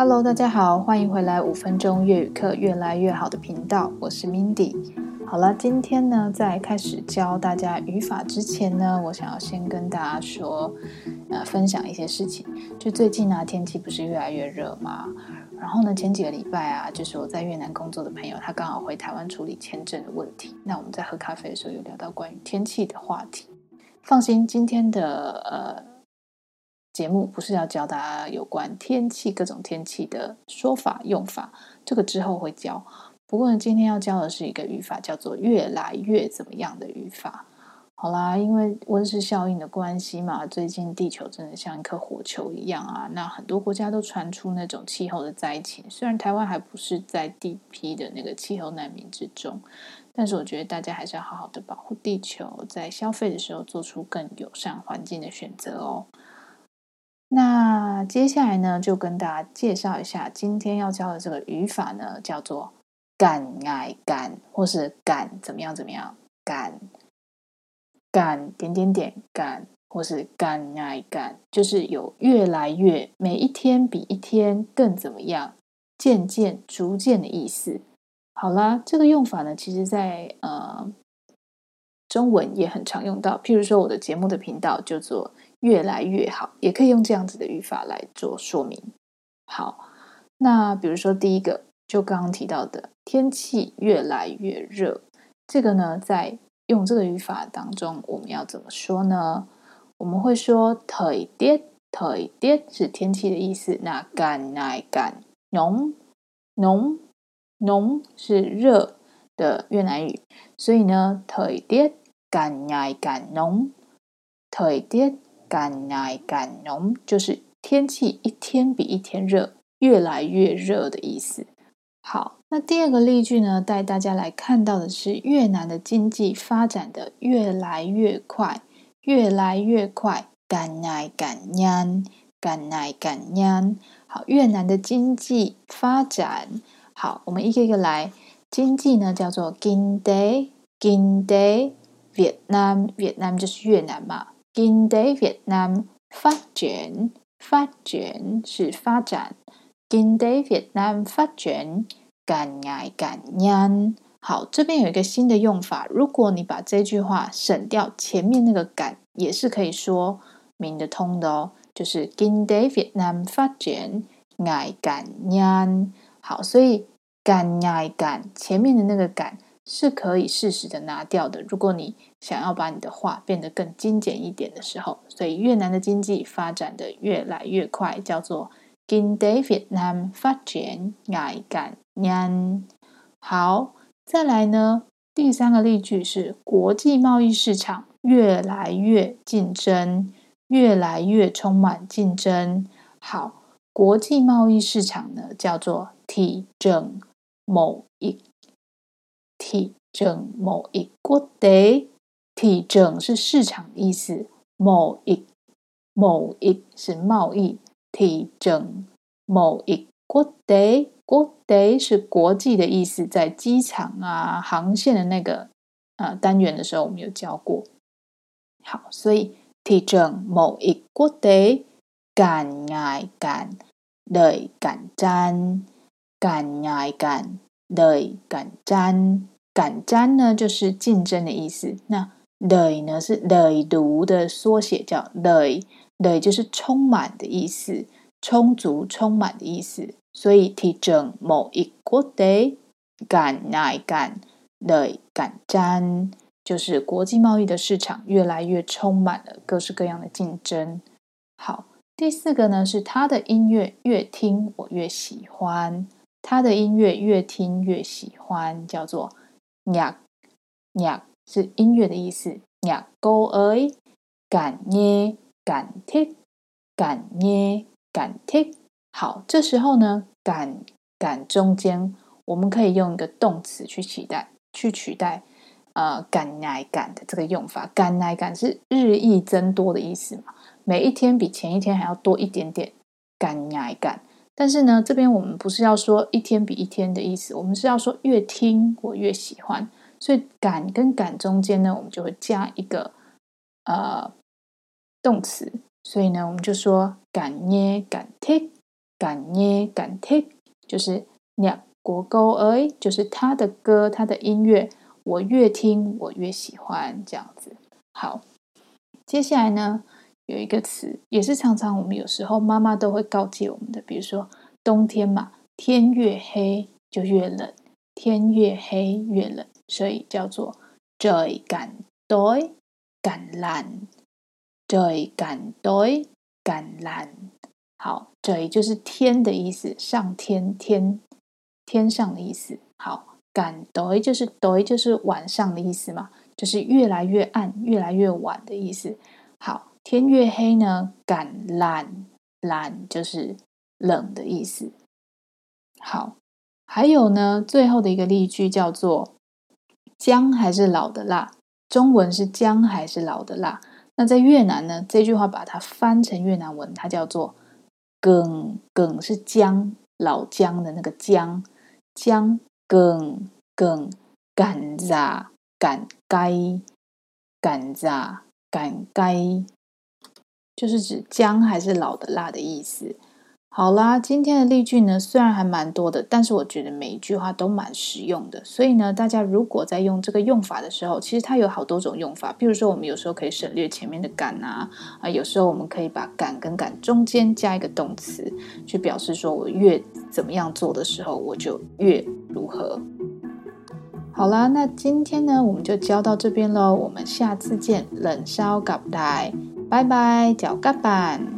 Hello，大家好，歡迎回來《五分鐘越語課》越來越好的頻道，我是 Mindy。好了，今天呢，在開始教大家語法之前呢，我想要先跟大家說，呃，分享一些事情。就最近呢、啊，天氣不是越來越熱嗎？然後呢，前幾個禮拜啊，就是我在越南工作的朋友，他剛好回台灣處理簽證的問題。那我們在喝咖啡的時候，有聊到關於天氣的話題。放心，今天的呃。節目不是要教大家有關天氣，各種天氣的說法用法，這個之後會教。不過呢，今天要教的是一個語法，叫做“越來越”怎麼樣的語法。好啦，因為溫室效應的關係嘛，最近地球真的像一顆火球一樣啊。那很多國家都傳出那種氣候的災情，雖然台灣還不是在第一批的那個氣候難民之中，但是我覺得大家還是要好好的保護地球，在消費的時候做出更友善環境的選擇哦。那接下來呢，就跟大家介紹一下今天要教的這個語法呢，叫做“敢愛敢”或是干“敢怎麼樣怎麼樣敢敢點點點敢”或是“敢愛敢”，就是有越來越每一天比一天更怎麼樣，漸漸逐漸的意思。好啦，這個用法呢，其實在呃中文也很常用到，譬如說我的節目的頻道叫做。越來越好，也可以用這樣子的語法來做說明。好，那比如說第一個，就剛剛提到的天氣越來越熱，這個呢，在用這個語法當中，我們要怎麼說呢？我們會說 thời tiết，thời tiết 是天氣的意思。那 càng ngày càng nóng，nóng nóng 是熱的越南語。所以呢，thời tiết càng ngày càng nóng，thời tiết càng ngày càng nóng 就是天氣一天比一天熱，越來越熱的意思。好，那第二個例句呢，帶大家來看到的是越南的經濟發展得越來越快，越來越快。càng ngày càng nhanh，càng ngày càng nhanh。好，越南的經濟發展。好，我們一個一個來。經濟呢叫做 kinh tế，kinh tế，Việt Nam，Việt Nam 就是越南嘛。近代越南發展，發展是發展。近代越南發展，敢愛敢讓。好，這邊有一個新的用法，如果你把這句話省掉前面那個敢，也是可以說明得通的哦。就是近代越南發展，愛敢讓。好，所以敢愛敢，前面的那個敢。是可以適時的拿掉的。如果你想要把你的話變得更精簡一點的時候，所以越南的經濟發展得越來越快，叫做 “Kinh tế Việt Nam phát triển ngày càng nhanh”。好，再來呢，第三個例句是國際貿易市場越來越競爭，越來越充滿競爭。好，國際貿易市場呢，叫做 “Thị trường mậu dịch”。體證某一國的體證是市場意思，某一某一是貿易。體證某一國的國的，是國際的意思，在機場啊航線的那個啊、呃、單元的時候，我們有教過。好，所以體證某一國的敢愛敢對敢真，敢愛敢對敢真。累「感沾呢，就是競爭的意思。那累呢，是累讀的縮寫，叫累。累就是充滿的意思，充足、充滿的意思。所以，提振某一國的敢耐敢累感沾，就是國際貿易的市場越來越充滿了各式各樣的競爭。好，第四個呢，是他的音樂越聽我越喜歡，他的音樂越聽越喜歡，叫做。yeah，yeah 是音樂的意思，yeah，go away，趕、捏、趕、踢，趕、捏、趕捏、踢。好，這時候呢，趕、趕中間，我們可以用一個動詞去取代，去取代呃趕、挨、趕的這個用法。趕、挨、趕是日益增多的意思嘛，每一天比前一天還要多一點點，趕、挨、趕。但是呢，這邊我們不是要說一天比一天的意思，我們是要說越聽我越喜歡，所以敢跟敢中間呢，我們就會加一個呃動詞，所以呢，我們就說敢捏敢踢，敢捏敢踢，就是兩國勾而已，就是他的歌，他的音樂，我越聽我越喜歡這樣子。好，接下來呢？有一個詞，也是常常我們有時候媽媽都會告誡我們的，比如說冬天嘛，天越黑就越冷，天越黑越冷，所以叫做“墜感抖”橄欖，“墜感抖”橄欖。好，墜就是天的意思，上天天天上的意思。好，感抖就是抖，就是晚上的意思嘛，就是越來越暗，越來越晚的意思。好。天越黑呢，感爛，爛就是冷的意思。好，還有呢，最後的一個例句叫做“薑還是老的辣”，中文是“薑還是老的辣”。那在越南呢，這句話把它翻成越南文，它叫做梗梗是薑，老薑的那個薑，薑梗梗，敢熱敢該，敢熱敢該。就是指薑還是老的辣的意思。好啦，今天的例句呢，雖然還蠻多的，但是我覺得每一句話都蠻實用的。所以呢，大家如果在用這個用法的時候，其實它有好多種用法。比如說，我們有時候可以省略前面的「càng」啊，啊，有時候我們可以把「càng」跟「càng」中間加一個動詞，去表示說我越怎麼樣做的時候，我就越如何。好啦，那今天呢，我們就教到這邊咯。我們下次見，冷燒搞不台，拜拜，腳蓋板。